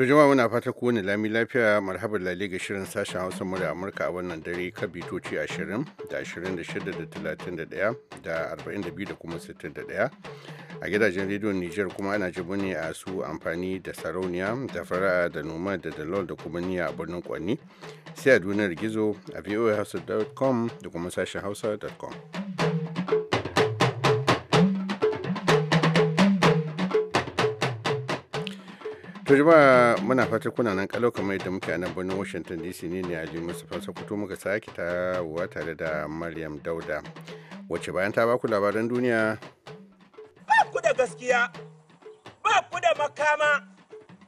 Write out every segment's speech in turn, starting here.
To jama'a muna fata ku lami lafiya marhabar lalle ga shirin sashen Hausa mura Amurka a wannan dare ka bitoci 20 da 26 da 31 da 42 da kuma 61 a gidajen rediyon Niger kuma ana jibu ne a su amfani da sarauniya da fara'a da noma da dalol da kuma niya a birnin Kwanni sai a duniyar gizo a voahouse.com da kuma sashen hausa.com. to muna fatan kuna nan kalau kamar yadda muke a nan birnin washington dc ne ne ali mustapha sokoto muka sake wa tare da maryam dauda wacce bayan ta baku labaran duniya ba ku da gaskiya ba ku da makama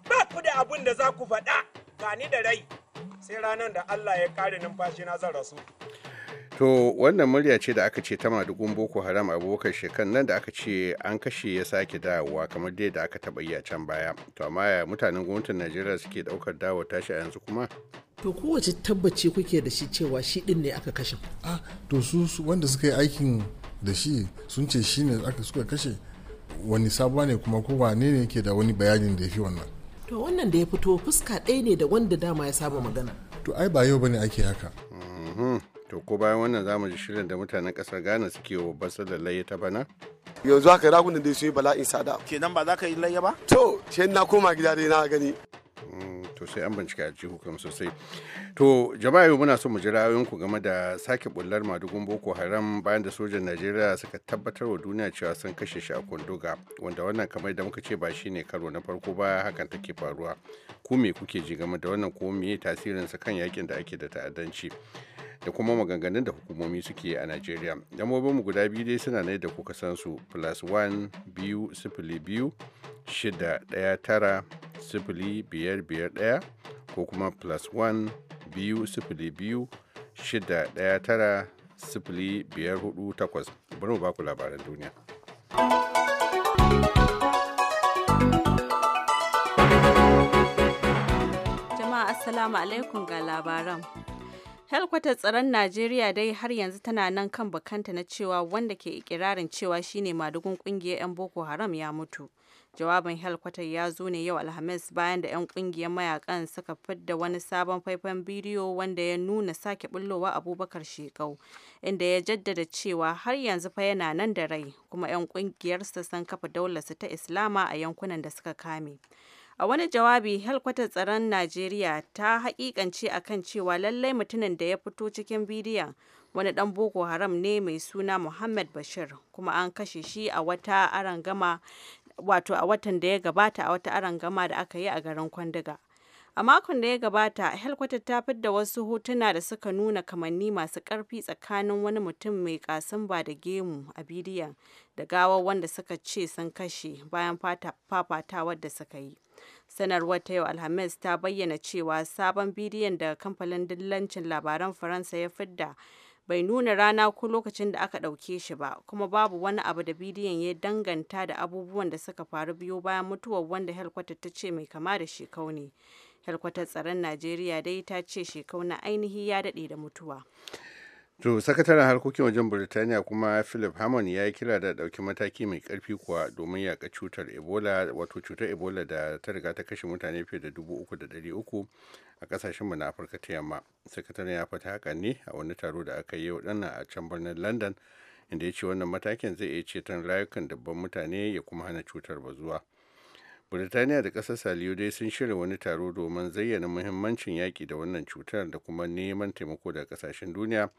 ba ku da abun da za ku faɗa ga ni da rai sai ranar da allah ya kare numfashi na zan rasu To wannan murya ce da aka ce ta madugun Boko Haram abubakar shekan nan da aka ce an kashe ya sake dawowa kamar dai da aka taɓa yi a can baya. To amma ya mutanen gwamnatin Najeriya suke ɗaukar dawo tashi a yanzu kuma? To kowace tabbaci kuke da shi cewa shi ɗin ne aka kashe. Ah, to su wanda suka yi aikin da shi sun ce shi ne aka suka kashe wani sabuwa ne kuma ko wane ne ke da wani bayanin da ya fi wannan. To wannan da ya fito fuska ɗaya ne da wanda dama ya saba magana. To ai ba yau bane ake haka. Mhm. to ko bayan wannan zamu ji shirin da mutanen kasar ghana suke wa ba da laye ta bana yanzu haka ragunan da su yi bala'in sada kenan ba za ka yi layya ba to shi na koma gida dai na gani mm, to sai an bincika a hukum sosai to jama'a muna so mu ji ku game da sake bullar madugun boko haram bayan da sojan najeriya suka tabbatar wa duniya cewa sun kashe shi a kunduga wanda wannan kamar da muka ce ba shi ne karo na farko ba hakan take faruwa ku me kuke ji game da wannan ko me tasirinsa kan yakin da ake da ta'addanci da kuma maganganun da hukumomi suke a Najeriya. Lambobin mu guda biyu dai suna ne da kuka san su plus one biyu sifili biyu ko kuma plus biyu sifili biyu shida tara biyar hudu takwas. Bari ba ku labaran duniya. Jama'a Assalamu alaikum ga labaran. Helkwatar tsaron Najeriya dai har yanzu tana nan kan bakanta na cewa wanda ke ikirarin cewa shine madugun kungiyar 'yan Boko Haram ya mutu. Jawabin helkwatar ya zo ne yau Alhamis bayan da 'yan kungiyar mayakan suka fidda wani sabon faifan bidiyo wanda ya nuna sake bullowa Abubakar Shekau, inda ya jaddada cewa har yanzu fa yana nan da rai kuma 'yan kungiyarsa sun kafa su ta Islama a yankunan da suka kame. A wani jawabi, helkwatar tsaron Najeriya ta hakikance akan cewa lallai mutumin da ya fito cikin bidiyon wani dan Boko Haram ne mai suna Muhammad Bashir kuma an kashe shi a wata arangama wato a watan da ya gabata a wata arangama da aka yi a garin Kwandiga. A makon da ya gabata, helkwatar ta fidda wasu hotuna da suka nuna kamanni masu karfi tsakanin wani mutum mai ba da gemu a bidiyon da gawar wanda suka ce sun kashe bayan fafatawar da suka yi. sanarwar ta yau alhamis ta bayyana cewa sabon bidiyon da kamfanin dillancin labaran faransa ya fidda bai nuna rana ko lokacin da aka ɗauke shi ba kuma babu wani abu da bidiyon ya danganta da abubuwan da suka faru biyu bayan mutuwar wanda helkwatar ta ce mai kama da shekau ne helkwatar tsaron najeriya dai ta ce shekau na ainihi ya daɗe da mutuwa To sakataren harkokin wajen burtaniya kuma Philip Hammond ya yi kira da ɗauki mataki mai ƙarfi kuwa domin yaƙa cutar Ebola wato cutar Ebola da ta riga ta kashe mutane fiye da dubu uku da ɗari uku a ƙasashen mu na Afirka ta yamma. Sakataren ya fata haka ne a wani taro da aka yi waɗannan a can birnin London inda ya ce wannan matakin zai iya ceton rayukan dabban mutane ya kuma hana cutar bazuwa. Birtaniya da ƙasar saliyu dai sun shirya wani taro domin zayyana muhimmancin yaƙi da wannan cutar da kuma neman taimako daga kasashen duniya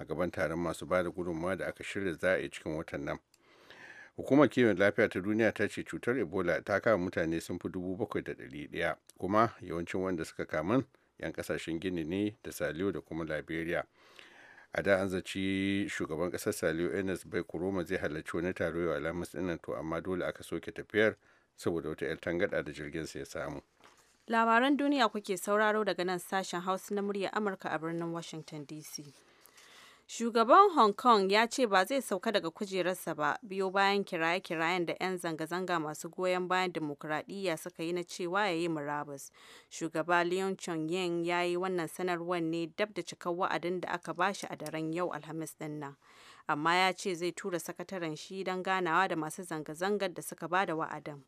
a gaban taron masu ba da gudunmawa da aka shirya za a yi cikin watan nan hukumar kiwon lafiya ta duniya ta ce cutar ebola ta kama mutane sun fi dubu bakwai da ɗari ɗaya kuma yawancin wanda suka kamun 'yan kasashen gini ne da saliyo da kuma liberia a da an zaci shugaban kasar saliyo enes bai kuroma zai halarci wani taro yau alhamis dinnan to amma dole aka soke tafiyar saboda wata 'yar tangada da jirgin sa ya samu labaran duniya kuke sauraro daga nan sashen hausa na murya amurka a birnin washington dc Shugaban Hong Kong ya ce ba zai sauka daga kujerarsa ba biyo bayan kiraye-kirayen da 'yan zanga-zanga masu goyon bayan demokuraɗiyya suka yi na cewa ya yi murabus. Shugaba Leon chong ya yi wannan sanarwar ne dab da cikar wa'adin da aka bashi a daren yau Alhamis dinna, Amma ya ce zai tura sakataren shi don ganawa da masu zanga-zangar da suka ba da wa'adin.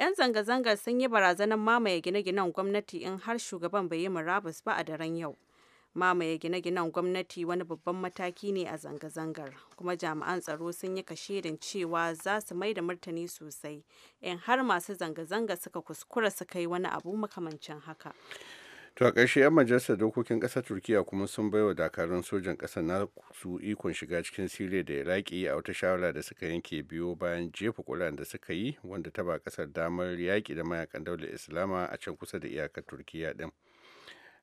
'Yan zanga-zangar sun yi barazanar mamaye gine-ginen gwamnati in har shugaban bai yi murabus ba a daren yau. mamaye gine-ginen gwamnati wani babban mataki ne a zanga-zangar kuma jami'an tsaro sun yi kashirin cewa za su mai da martani sosai in har masu zanga-zanga suka kuskura suka yi wani abu makamancin haka to a ƙarshe 'yan majalisar dokokin ƙasar turkiya kuma sun bai wa dakarun sojan ƙasar na su ikon shiga cikin siriya da iraki a wata shawara da suka yanke biyo bayan jefa kulan da suka yi wanda ta ba ƙasar damar yaƙi da mayakan daular islama a can kusa da iyakar turkiya ɗin.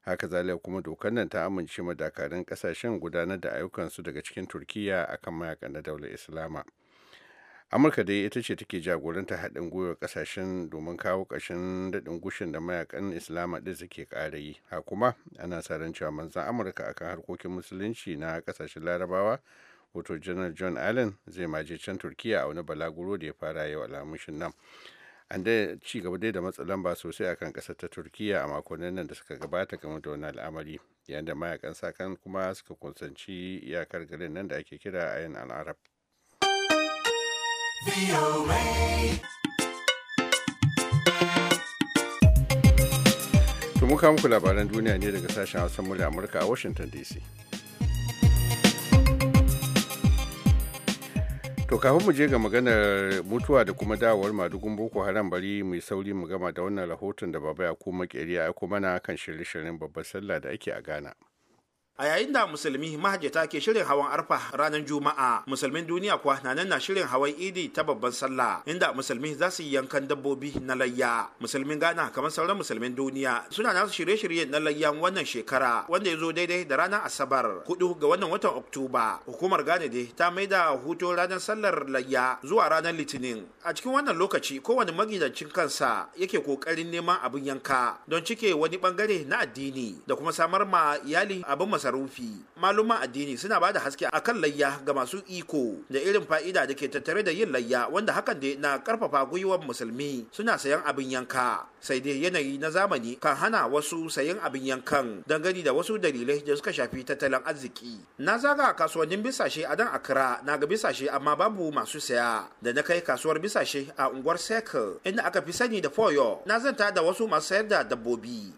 haka zalika kuma dokar nan ta amince ma dakarun kasashen gudanar da ayyukan su daga cikin turkiya akan mayakan na daular islama amurka dai ita ce take jagoranta haɗin gwiwa kasashen domin kawo ƙashin daɗin gushin da mayakan islama ɗin suke ƙara yi ha kuma ana sa ran cewa manzan amurka akan harkokin musulunci na ƙasashen larabawa wato janar john allen zai maje can turkiya a wani balaguro da ya fara yau alhamishin nan an da ci gaba dai da matsa lamba sosai akan kasar ta turkiya a makonnin nan da suka gabata game da wani al'amari yayin da mayakan sakan kuma suka kusanci iyakar garin nan da ake kira ayan al'arab to muka muku labaran duniya ne daga sashen hausa murya amurka a washington dc To kafin mu je ga maganar mutuwa da kuma dawowar madugun Boko Haram bari mu sauri mu gama da wannan rahoton da baba ya ko makeri ya aiko mana kan shirye-shiryen babbar sallah da ake a Ghana. a yayin da musulmi mahajjata ke shirin hawan arfa ranar juma'a musulmin duniya kuwa na nan na shirin hawan idi ta babban sallah inda musulmi za su yi yankan dabbobi na layya musulmin ghana kamar sauran musulmin duniya suna nasu shirye-shirye na layya wannan shekara wanda ya zo daidai da ranar asabar hudu ga wannan watan oktoba hukumar ghana dai ta mai da hutu ranar sallar layya zuwa ranar litinin a cikin wannan lokaci kowane magidancin kansa yake kokarin neman abin yanka don cike wani bangare na addini da kuma samar ma iyali abin masarufi maluman addini suna bada haske akan layya ga masu iko da irin fa'ida da ke tattare da yin layya wanda hakan da na karfafa gwiwar musulmi suna sayan abin yanka sai dai yanayi na zamani kan hana wasu sayan abin yankan dangane da wasu dalilai da suka shafi tattalin arziki na zaga kasuwannin bisashe a dan akra na ga bisashe amma babu masu saya da na kai kasuwar bisashe a unguwar circle inda aka fi sani da foyo na zanta da wasu masu sayar da dabbobi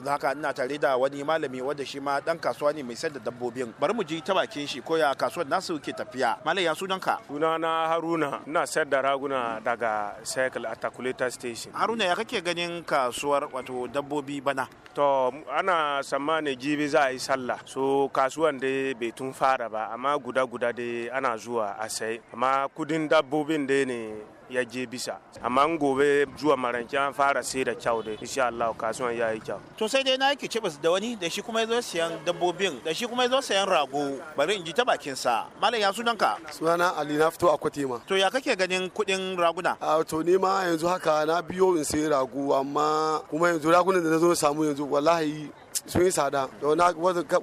yanzu haka ina tare da wani malami wanda shi ma dan kasuwa ne mai sayar da dabbobin bari mu ji ta bakin shi koya kasuwar nasu ke tafiya malai ya sunanka sunana haruna ina sayar da raguna daga cycle a station haruna ya kake ganin kasuwar wato dabbobi bana to ana tsammanin jibi za a yi sallah so kasuwan dai bai tun fara ba amma guda guda dai ana zuwa a sai amma kudin dabbobin dai ne ya je bisa amma gobe zuwa maranki an fara sai da kyau da insha Allah kasuwan ya yi kyau to sai dai na yake cibis da wani da shi kuma ya zo siyan dabbobin da shi kuma ya zo sayan rago bari in ji ta bakin sa malam ya sunanka sunana Ali na fito a Kwatima to ya kake ganin kuɗin raguna a to ni ma yanzu haka na biyo in sayi rago amma kuma yanzu ragunan da na zo samu yanzu wallahi sun yi sada na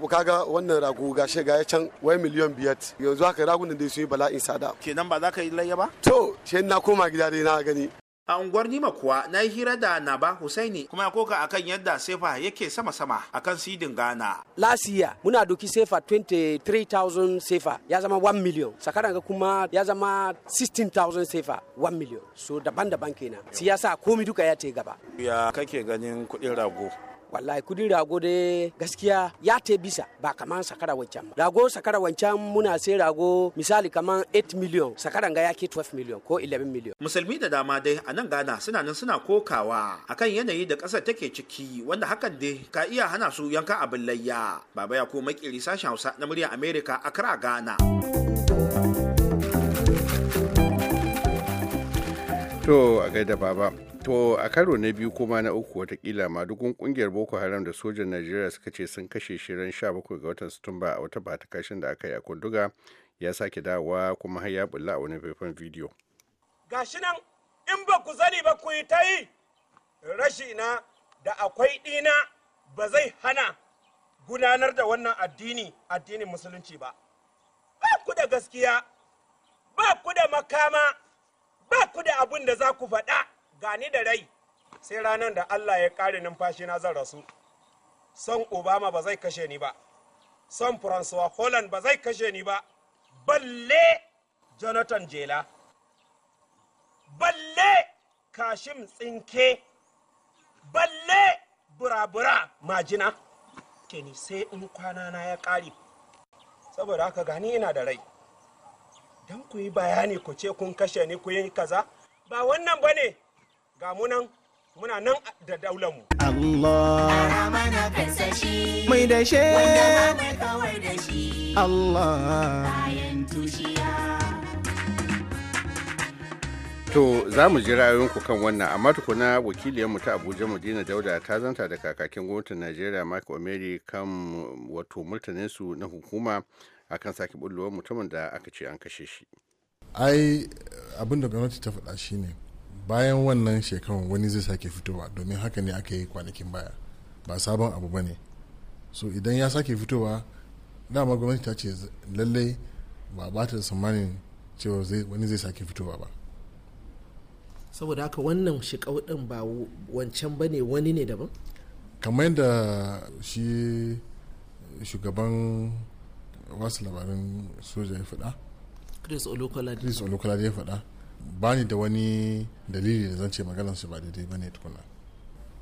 kaga wannan rago gashi ga can wai miliyan biyar yanzu haka ragunan da sun yi in sada kenan ba za ka yi layya ba to shi na koma gida dai na gani a unguwar nima kuwa na yi hira da naba husaini kuma ya koka akan yadda sefa yake sama-sama akan sidin ghana last year muna doki sefa 23,000 sefa ya zama 1 million sakaran ga kuma ya zama 16,000 sefa 1 million so daban-daban kenan siyasa komi duka ya te gaba ya kake ganin kudin rago wallahi kudin rago dai gaskiya ya te bisa ba kaman sakara wancan ba rago sakara wancan muna sai rago misali kamar 8 million sakaran ga yake 12 million ko 11 million musulmi da dama dai a nan Ghana suna nan suna kokawa akan yanayi da ƙasa take ciki wanda hakan dai ka iya hana su yanka abin layya baba ya ko makiri sashen Hausa na muryar America kara Ghana to a gaida baba To a karo na biyu kuma na uku watakila dukun kungiyar Boko Haram da sojan Najeriya suka ce sun kashe shirin 17 ga watan Satumba a wata bata kashin da aka yi a Kunduga ya sake dawowa kuma har ya bulla a wani faifan bidiyo. Gashi nan in ba ku zani ba ku yi ta yi rashi na da akwai ɗina ba zai hana gudanar da wannan addini addinin musulunci ba. Ba ku da gaskiya, ba ku da makama, ba ku da abin da za ku faɗa. gani da rai sai ranar da Allah ya ƙare numfashi na zan rasu son obama ba zai kashe ni ba son francois holland ba zai kashe ni ba balle jonathan jela balle kashim tsinke balle burabura majina keni sai in kwana na ya ƙare saboda haka gani ina da rai don ku yi bayani ku ce kun kashe ni ku yi kaza ba wannan ba ne ga munan muna nan da daular mu Allah mana kansa shi mai da shi wanda mai da shi Allah bayan tushiya To za mu ji ra'ayoyinku kan wannan amma tukuna wakiliyarmu ta Abuja Madina Dauda ta zanta da kakakin gwamnatin Najeriya Mike Omeri kan wato su na hukuma akan sake bullowar mutumin da aka ce an kashe shi. Ai abinda gwamnati ta faɗa shine bayan wannan shekarun wani zai sake fitowa domin haka ne aka yi kwanakin baya ba sabon abu ba ne so idan ya sake fitowa dama gwamnati ta ce lallai ba ba ta tsammanin cewa wani zai sake fitowa ba saboda haka wannan shekau ba wancan ba ne wani ne daban kamar yadda shi shugaban wasu labarin soja ya faɗa chris olukolade ya faɗa ba ni da wani dalili da zan ce maganarsu ba daidai ba ne tukuna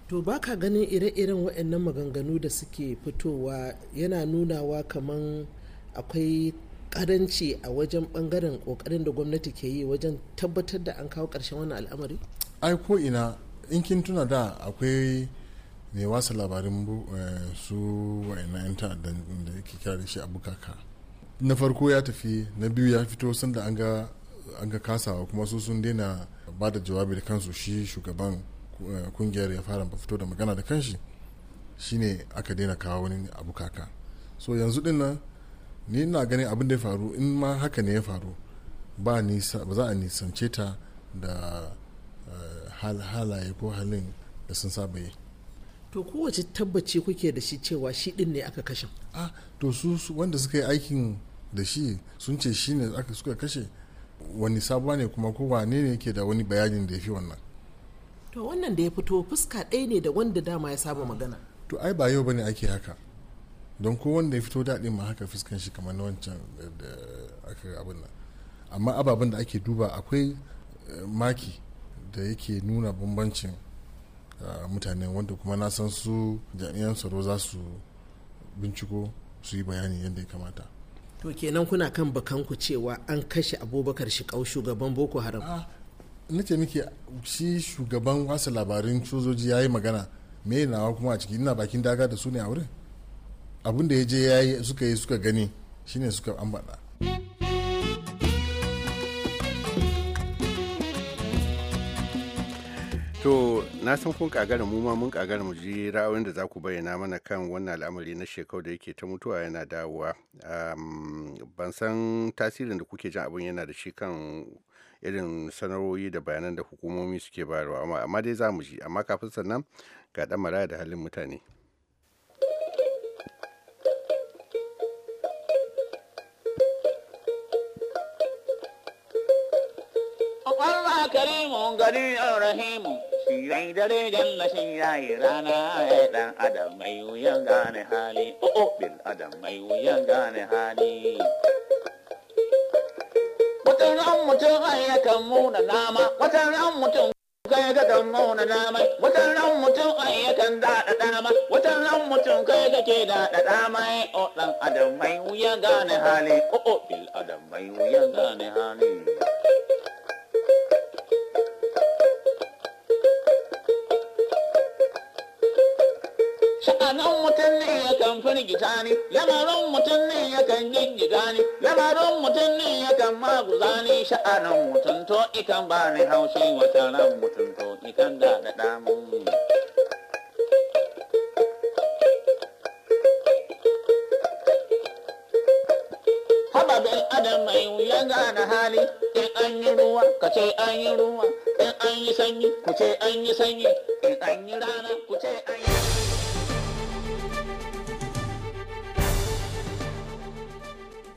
to ba ka ganin ire-iren waɗannan maganganu da suke fitowa yana nunawa kamar akwai karanci a wajen bangaren kokarin da gwamnati ke yi wajen tabbatar da an kawo ƙarshen wannan al'amari ai ko ina in kin tuna da akwai ne wasa labarin eh, su waɗannan 'yan ta'addan da yake kira da shi abukaka na farko ya tafi na biyu ya fito sanda an ga an ga kasawa kuma su sun daina ba da jawabi da kansu shi shugaban eh, kungiyar ya fara fito da magana da kanshi shine aka daina kawo wani abu kaka so yanzu din nan ni ina ganin abin da ya faru in ma haka ne ya faru ba za a nisance ta da eh, halaye ko halin da sun saba yi to kowace tabbaci kuke da shi cewa shi din ne aka kashe ah to su wanda suka yi aikin da shi sun ce shi ne suka kashe wani sabuwa ne kuma ko wane ne ke da wani bayanin da ya fi wannan to wannan da ya fito fuska ɗaya ne da wanda dama ya saba magana to ai ba yau bane ake haka don ko wanda ya fito daɗi ma haka fuskan shi kamar na wancan eh, da aka abin nan amma ababen da ake duba akwai eh, maki da yake nuna bambancin ah, mutane wanda kuma na san su jami'an tsaro za su binciko su yi bayani yadda ya kamata to kenan kuna kan bakanku cewa an kashe abubakar shikau shugaban boko haram ah, na ce miki shi shugaban wasu labarin cozoji ya yi magana me nawa kuma a ciki ina bakin daga da su ne a wurin abin da ya je ya yi suka yi suka gani shine suka ambata To, na san kun kagara mu ma mun kagara mu ji ra'ayoyin da za ku bayyana mana kan wannan al'amari na shekau da yake ta mutuwa yana dawowa. ban san tasirin da kuke jin abin yana da shi kan irin sanarwoyi da bayanan da hukumomi suke bayarwa amma dai za mu ji amma kafin sannan ga maraya da halin mutane. Allah karimun gari rahimu shi rai dare jalla shi yayi rana ya dan adam mai wuyan gane hali o'o oh, oh, bin adam mai wuyan gane hali watan ran mutum ai yakan muna nama watan ran mutum kai ga kan muna nama watan ran mutum ai yakan daɗa dama watan ran mutum kai ga ke daɗa dama o oh, dan adam mai wuyan gane hali o'o bil adam mai wuyan gane hali tunanin mutum ne yakan firgita ni lamarin mutum ne kan gingita ni lamarin mutum ne kan maguza ni sha'anin mutum to ikan ba ni haushi wata ran mutum to ikan da da damun Haba bin adam mai wuya gane hali in an yi ruwa ka ce an yi ruwa in an yi sanyi ku ce an yi sanyi in an yi rana ku ce an yi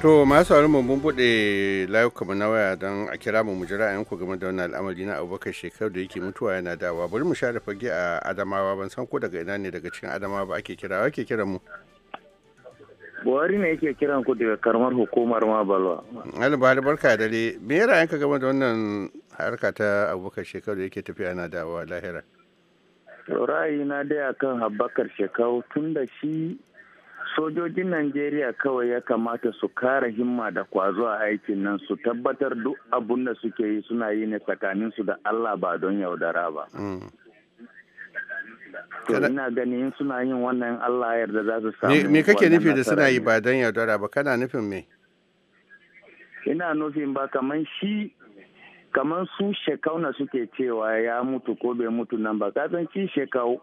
To masu mu mun buɗe layukanmu na waya don a kira mu mujira a ku game da wannan al'amari na abubakar shekaru da yake mutuwa yana dawa bari mu share fage a adamawa ban san ko daga ina ne daga cikin adamawa ba ake kira ake kira mu. Buhari ne yake kiran ku daga karamar hukumar ma balwa. Alibali barka da dare me ya ra'ayinka game da wannan harka ta abubakar shekaru da yake tafiya yana dawa lahira. Ra'ayi na dai akan abubakar shekaru tun da shi sojojin najeriya kawai ya kamata su kara himma da kwazo a aikin nan su tabbatar duk abun da suke yi suna yi ne tsakaninsu da allah ba don yaudara ba mm. ina ganin suna yin wannan allah yarda za su samu me kake nufi da suna yi ba don yaudara ba kana nufin me ina nufin ba kamar shi kamar su na suke cewa ya mutu ko bai mutu nan ba kasan shi shekau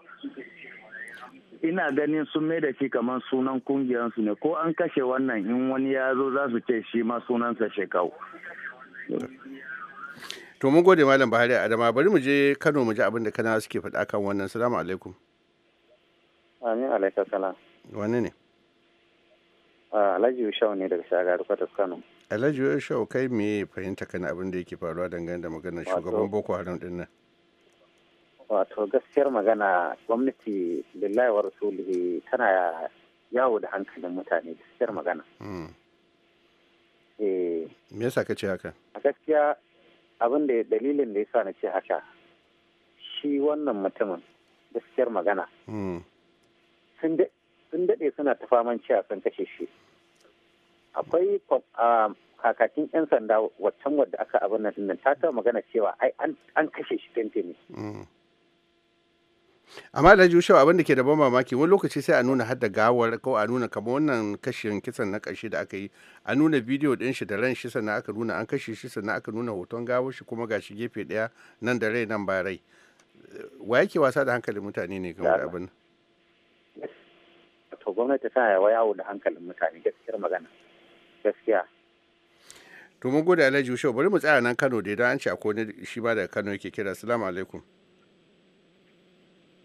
ina ganin sun mai da shi kamar sunan kungiyarsu ne ko an kashe wannan in wani ya zo za su ce shi ma sunansa shekau to mun gode malam bahari adama bari mu je kano mu ji abin da kana suke faɗa kan wannan salamu alaikum amin alaikum salam wani ne ah, alhaji yushau ne daga shagaru kwatas kano alhaji yushau kai me fahimta kan abin da yake faruwa dangane da maganar shugaban boko haram din nan wato gaskiyar magana gwamnati billahi wa rasulihi tana yawo da hankalin mutane gaskiyar magana hmm. eh. me yasa ka ce haka a gaskiya abin da dalilin da yasa na ce haka shi wannan mutumin gaskiyar magana hmm. sun daɗe suna ta faman cewa sun kashe shi akwai kakakin 'yan sanda waccan wadda aka abin nan ta ta magana cewa ai an kashe shi tente amma da jiwu abin da ke da ban mamaki wani lokaci sai a nuna hadda gawar ko a nuna kamar wannan kashin kisan na karshe da aka yi a nuna bidiyo din shi da ran shi sannan aka nuna an kashe shi sannan aka nuna hoton gawar shi kuma gashi gefe daya nan da rai nan ba rai wa yake wasa da hankalin mutane ne game da abin to gwamnati ta yawa yawo da hankalin mutane gaskiyar magana gaskiya to mun gode Alhaji Usho bari mu tsaya nan Kano da idan an ce akwai shi ba da Kano yake kira assalamu alaikum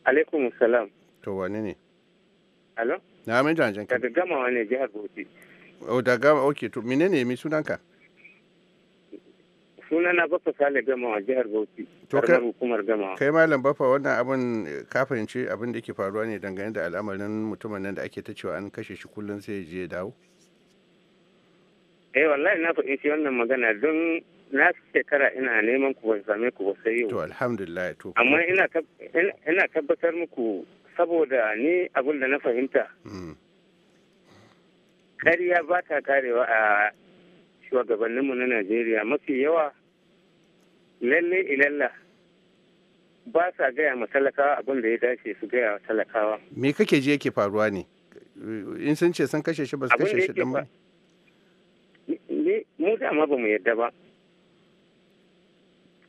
alaikum salam to wani ne alo na mai janjan daga gamawa ne jihar bauchi o oh, da gama ok to mine ne mi sunanka sunana bafa sale gamawa jihar bauchi to kai hukumar gama kai malam bafa wannan abin ka fahimci abin da yake faruwa ne dangane da al'amarin mutumin nan da ake ta cewa an kashe shi kullum sai ya je ya dawo eh wallahi na faɗi wannan magana don na shekara ina neman ku ban same ku ba sai yau. To alhamdulillah to. Amma ina tabbatar muku saboda ni abin da na fahimta. Kariya hmm. ba ta karewa a shugabanninmu na Najeriya mafi yawa lalle ilalla ba sa gaya ma talakawa abin da ya dace su gaya wa talakawa. Me kake ji yake faruwa ne? In sun ce sun kashe shi ba su kashe shi ba? Mu dama ba mu yadda ba.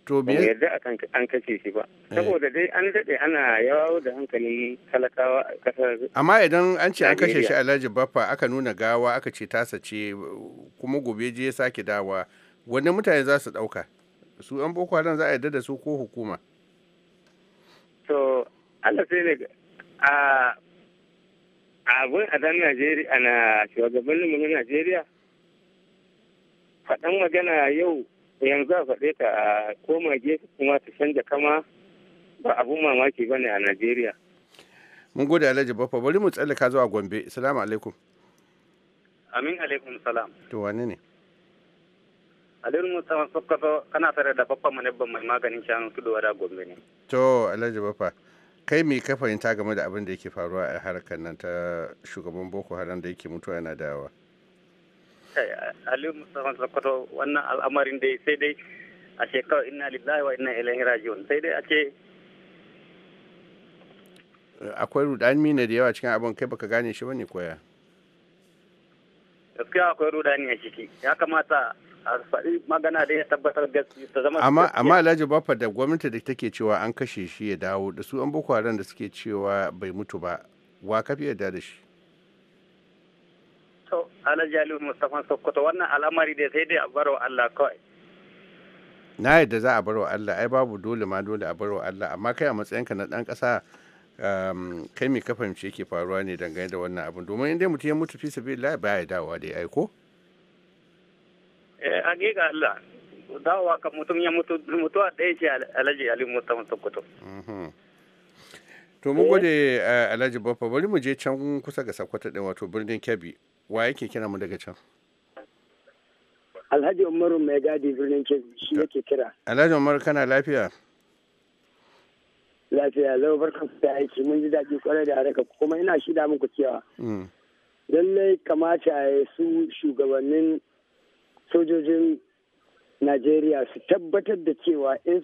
To biye. an kace shi ba. Eh. Saboda dai an daɗe ana yawo da hankali talakawa a Amma idan an ce an kashe shi Alhaji Baffa aka nuna gawa aka ce tasa ce kuma gobe je sake dawa wanne mutane za su ɗauka? Su an Boko Haram za a yadda da su ko hukuma? To Allah sai ne a abin a dan Najeriya ana mu na Najeriya faɗan magana yau yanzu a faɗe ta a koma gefe kuma ta canja kama ba abun mamaki ba ne a najeriya mun gode alhaji bafa bari mu tsallaka zuwa gombe salamu alaikum amin alaikum salam to wane ne alirin musamman sokoto kana tare da bafa ban mai maganin shanu tudu da gombe ne to alhaji bafa kai me ka fahimta game da abin da yake faruwa a harkar nan ta shugaban boko haram da yake mutuwa yana dawowa. kai aliyu musamman sokoto wannan al'amarin dai sai dai a ce inna lillahi wa inna ilaihi raji'un sai dai a ce akwai rudani ne da yawa cikin abin kai baka gane shi bane koya gaskiya akwai rudani a ciki ya kamata a faɗi magana da ya tabbatar gaskiya ta zama amma amma Alhaji bafa da gwamnati da take cewa an kashe shi ya dawo da su an boko haram da suke cewa bai mutu ba wa kafi yadda da shi Alhaji Aliyu Mustapha Sokoto wannan al'amari da sai dai a baro Allah kawai. Na yadda za a baro Allah ai babu dole ma dole a baro Allah amma kai a matsayinka na ɗan ƙasa um, kai mai ka fahimci yake faruwa ne dangane da wannan abin domin inda mutum ya mutu fi su biyu ba baya dawowa da ya aiko. Eh hakika Allah dawowa kan mutum ya mutu mutuwa ɗaya ce Alhaji Aliyu Mustapha Sokoto. Mhm. To mun gode eh, Alhaji Baffa bari mu je can kusa ga Sokoto ɗin wato birnin Kebbi. wa yake kira mu daga can alhaji umaru mai gadi birnin kebbi shi yake kira alhaji umaru kana lafiya lafiya lau barkan da aiki mun ji daɗi kwarai da haraka kuma ina shida muku cewa mm. lallai kamata ya su shugabannin sojojin najeriya su tabbatar da cewa in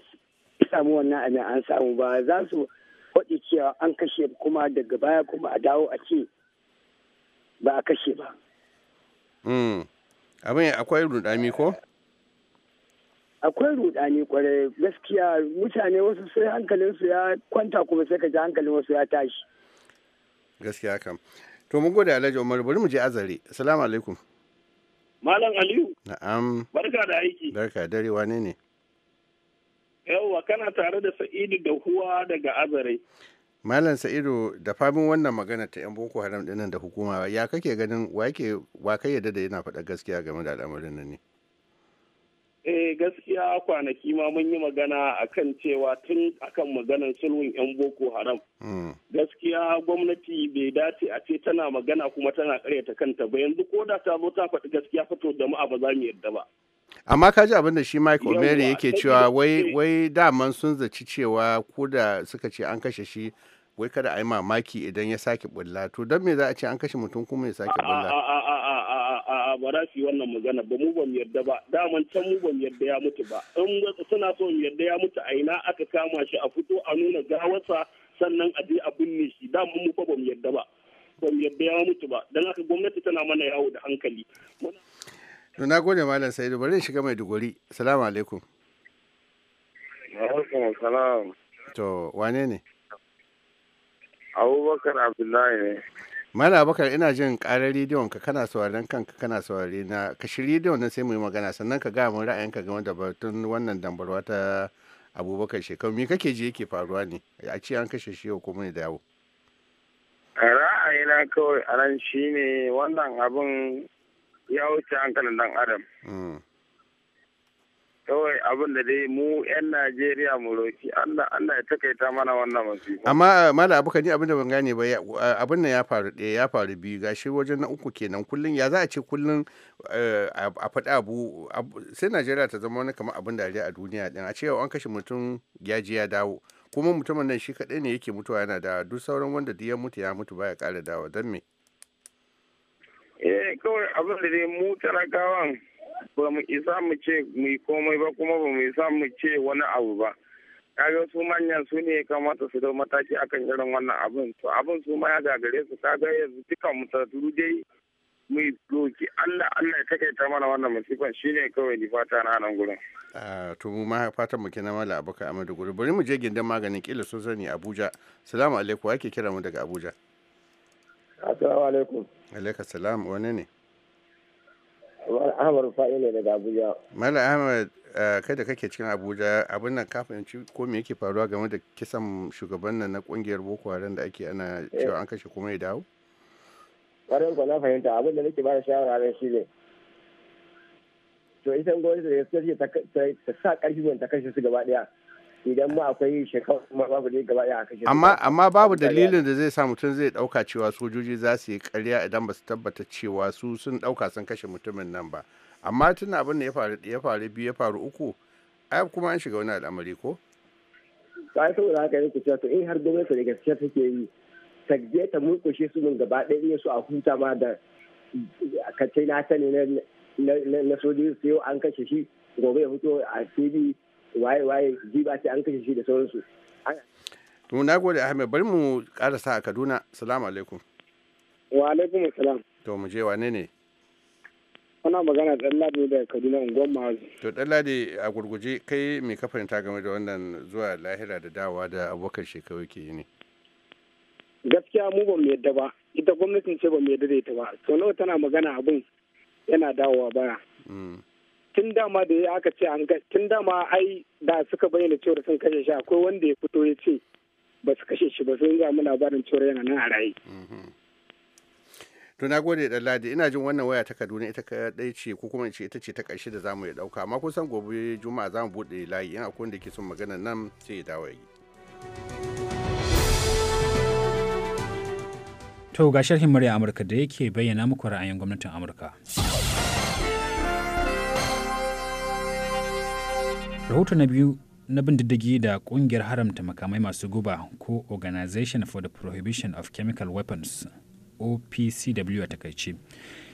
samu wannan abin an samu ba za su faɗi cewa an kashe kuma daga baya kuma a dawo a ce ba a kashe ba hmm. abin akwai rudami ko akwai rudani kwarai gaskiya mutane wasu sai hankalinsu ya kwanta kuma sai ka ji hankalin wasu ya tashi gaskiya kam to mun gode alhaji umar bari mu je azare assalamu alaikum malam aliyu na'am barka da aiki barka dare wane ne yawwa kana tare da sa'idu da huwa daga azare Malam Sa'idu da famin wannan magana ta 'yan Boko Haram dinnan da hukuma ya kake ganin wa yake wa kai yadda da yana faɗa gaskiya game da al'amarin nan ne? Eh gaskiya kwanaki ma mun yi magana akan cewa tun akan maganar sulhun 'yan Boko Haram. Hmm. Gaskiya gwamnati bai dace a ce tana magana kuma tana karyata kanta ba yanzu ko da ta zo ta faɗi gaskiya fito jama'a ba za mu yarda ba. amma ka ji abin da shi mike mary yake cewa wai wai daman sun zaci cewa ko da suka ce an kashe shi wai kada a yi mamaki idan ya sake bulla to don me za a ce an kashe mutum kuma ya sake bulla ba za su yi wannan magana ba mu ba mu yarda ba daman can mu ba mu yarda ya mutu ba in suna so mu yarda ya mutu a ina aka kama shi a fito a nuna gawarsa sannan a je a binne shi daman mu ba mu yarda ba ba mu yarda ya mutu ba don haka gwamnati tana mana yawo da hankali to na gode malam sa'idu bari in shiga maiduguri salamu alaikum alaikum salam to wane ne abubakar abdullahi ne Mala Abubakar ina jin karar rediyon ka kana sauraron kanka kana saurare na ka rediyon nan sai mu yi magana sannan ka ga ra'ayin ka game da batun wannan dambarwa ta Abubakar shekaru me kake ji yake faruwa ne a ce an kashe shi yau kuma ne da yawo. Ra'ayina kawai a nan shine wannan abin ya wuce hankalin dan adam hmm. kawai abin da dai mu 'yan najeriya mu roki allah allah ya takaita mana wannan masifa amma eh, mala abu kan abin da ban gane ba eh, abin nan ya faru ɗaya ya faru biyu gashi wajen na uku kenan kullum ya za a ce kullum eh, a faɗi abu sai najeriya ta zama wani kamar abin da dariya a duniya ɗin a cewa an kashe mutum yaji ya dawo kuma mutumin nan shi kaɗai ne yake mutuwa yana dawa duk sauran wanda duk ya mutu ya mutu baya ƙara dawo don me eh kawai abin da dai mu talakawan ba mu isa mu ce mu yi komai ba kuma ba mu isa mu ce wani abu ba kaga su manyan su ne kamata su da mataki akan irin wannan abin to abin su ma ya gagare su kaga yanzu dukan mu dai mu doki Allah Allah ya takaita mana wannan masifan shine kawai ni fata na nan gurin to mu ma fatan mu mala amadu gudu bari mu je gindin maganin kila sosai sani Abuja salamu alaikum ake kira mu daga Abuja Assalamu alaikum. Alaikum salam wani ne? Ahmad Rufa'i ne daga Abuja. Mala Ahmad eh, kai da kake cikin Abuja abin nan ka fahimci ko me yake faruwa game da kisan shugaban nan na kungiyar Boko Haram da ake ana eh. cewa an kashe kuma ya dawo? Ƙwarin ko na fahimta abin da nake ba da shawara ne shi ne. To ita gwamnati da ya ta sa ƙarfi ta kashe su gaba ɗaya. idan ma akwai shekaru kuma babu ne gaba ya kashe amma amma babu dalilin da zai sa mutum zai dauka cewa sojoji za su yi ƙarya idan ba su tabbata cewa su sun dauka sun kashe mutumin nan ba amma tun abin da ya faru ya faru biyu ya faru uku ai kuma an shiga wani al'amari ko ba saboda haka yake cewa to in har gwamnati da gaskiya take yi ta je ta shi su mun gaba ɗaya su a huta ma da kace na ta ne na sojoji sai an kashe shi gobe ya fito a tv waye waye jiba ce an kashe shi da sauransu to na gode ahmed bari mu karasa a kaduna salamu alaikum wa alaikum salam to mu je wane ne ana magana da ladi da kaduna unguwar ma to dan ladi a gurguje kai mai kafarinta game da wannan zuwa lahira da dawa da abokan shekaru ke yi ne gaskiya mu ba mu yadda ba ita gwamnatin ce ba mu yadda da ita ba sau tana magana abin yana dawowa baya mm. tun dama da aka ce an tun dama ai da suka bayyana cewa sun kashe shi akwai wanda ya fito ya ce ba su kashe shi ba sun ga mu labarin cewa yana nan a raye. To na gode da Ladi ina jin wannan waya ta Kaduna ita dai ce ko kuma ita ce ta karshe da zamu ya dauka amma kusan gobe Juma'a zamu bude layi ina akwai wanda ke son magana nan sai ya dawo yi. To ga sharhin murya Amurka da yake bayyana muku ra'ayin gwamnatin Amurka. rahoto na biyu na bin diddigi da kungiyar haramta makamai masu guba ko organization for the prohibition of chemical weapons opcw a takaice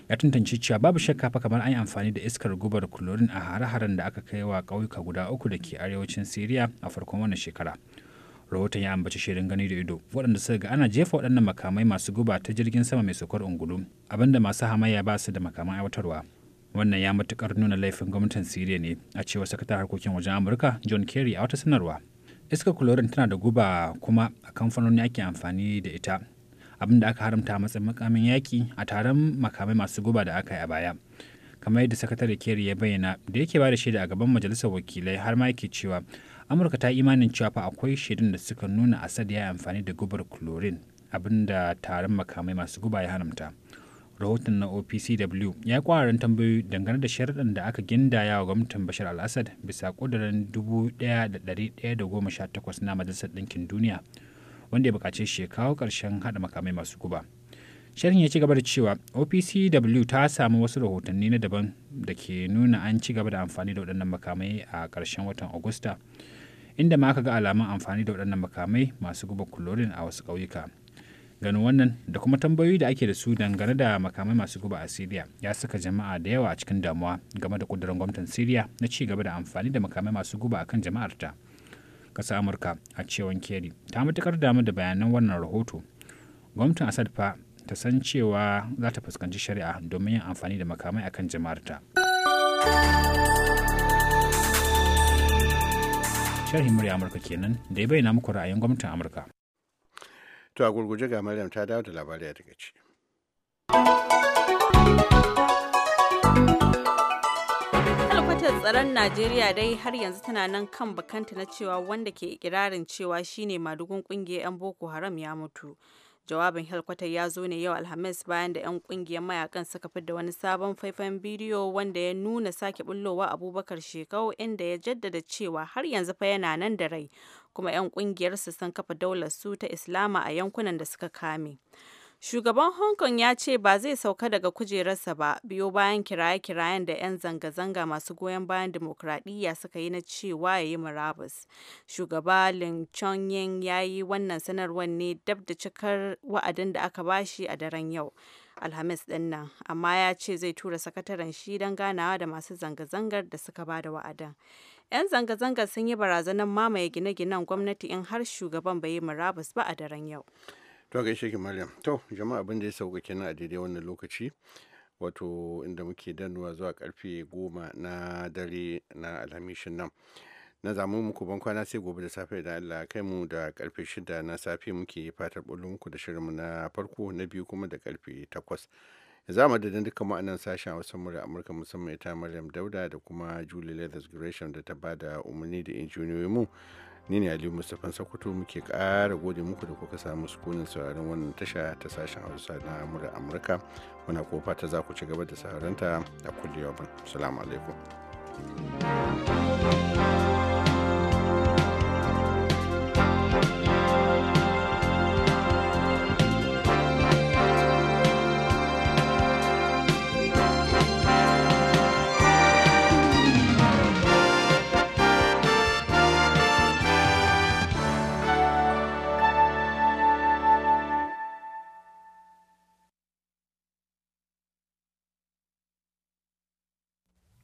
ya tantance cewa babu shakka fa kamar an yi amfani da iskar gubar chlorine a hare-haren da aka kai wa ƙauyuka guda uku da ke arewacin syria a farkon wannan shekara rahoton ya ambaci shirin gani da ido waɗanda suka ga ana jefa waɗannan makamai masu guba ta jirgin sama mai saukar ungulu abinda masu hamayya ba su da makaman aiwatarwa wannan ya matukar nuna laifin gwamnatin siriya ne a cewar sakatar harkokin wajen amurka john kerry a wata sanarwa iskar kulorin tana da guba kuma a kamfanoni ake amfani da ita abin da aka haramta a matsayin makamin yaki a taron makamai masu guba da aka yi a baya kamar yadda sakatare kerry ya bayyana da yake ba da shaida a gaban majalisar wakilai har ma yake cewa amurka ta imanin cewa fa akwai shaidun da suka nuna asad ya yi amfani da gubar chlorine abin da taron makamai masu guba ya haramta rahoton na opcw ya kwararan tambayoyi dangane da sharaɗin da aka gindaya wa gwamnatin bashar al-assad bisa ƙudurin 1118 na majalisar ɗinkin duniya wanda ya buƙace shi kawo ƙarshen haɗa makamai masu guba sharhin ya ci gaba da cewa opcw ta samu wasu rahotanni na daban da ke nuna an ci gaba da amfani da waɗannan makamai a ƙarshen watan agusta inda ma aka ga alamun amfani da waɗannan makamai masu guba chlorine a wasu ƙauyuka ganin wannan da kuma tambayoyi da ake da su dangane da makamai masu guba a siriya ya saka jama'a da yawa a cikin damuwa game da kudurin gwamnatin siriya na ci gaba da amfani da makamai masu guba akan jama'arta kasa amurka a cewan keri ta matukar damu da bayanan wannan rahoto gwamnatin assad fa ta san cewa za ta fuskanci shari'a domin yin amfani da makamai akan jama'arta sharhin murya amurka kenan da ya bayyana muku ra'ayin gwamnatin amurka to a gurguje ga maryam ta dawo da labari daga ci. tsaron Najeriya dai har yanzu tana nan kan bakanta na cewa wanda ke ikirarin cewa shine madugun kungiyar 'yan Boko Haram ya mutu. Jawabin helkwatar ya zo ne yau Alhamis bayan da 'yan kungiyar mayakan suka fi da wani sabon faifan bidiyo wanda ya nuna sake bullowa Abubakar Shekau inda ya jaddada cewa har yanzu fa yana nan da rai kuma 'yan ƙungiyarsu sun kafa daular su ta Islama a yankunan da suka kame. Shugaban Hong Kong ya ce ba zai sauka daga kujerarsa ba biyo bayan kiraye-kirayen da 'yan zanga-zanga masu goyon bayan demokradiyya suka yi na cewa ya yi murabus. Shugaba Lin Chong-yin ya yi wannan sanarwar ne dab da cikar wa'adin da aka bashi a daren yau. Alhamis din amma ya ce zai tura sakataren shi don ganawa da masu zanga-zangar da suka ba da wa'adin. 'Yan zanga-zangar sun yi barazanar mamaye gine-ginen gwamnati in har shugaban bai yi murabus ba a daren yau. To gaishe shi Maryam. To jama'a abin da ya sauka kenan a daidai wannan lokaci. Wato inda muke danuwa zuwa karfe goma na dare na alhamishin nan. na zamu muku ban kwana sai gobe da safe da Allah kai mu da karfe shida na safe muke fatar bullo muku da shirinmu na farko na biyu kuma da karfe takwas za mu da duka ma'anan sashen wasan murya amurka musamman ita maryam dauda da kuma julie leathers gresham da ta bada umarni da injiniyoyi mu ni ne aliyu mustapha sokoto muke kara gode muku da kuka samu sukunin sauraron wannan tasha ta sashen hausa na murya amurka muna kofa ta za ku ci gaba da sauranta a kulle yawan salamu alaikum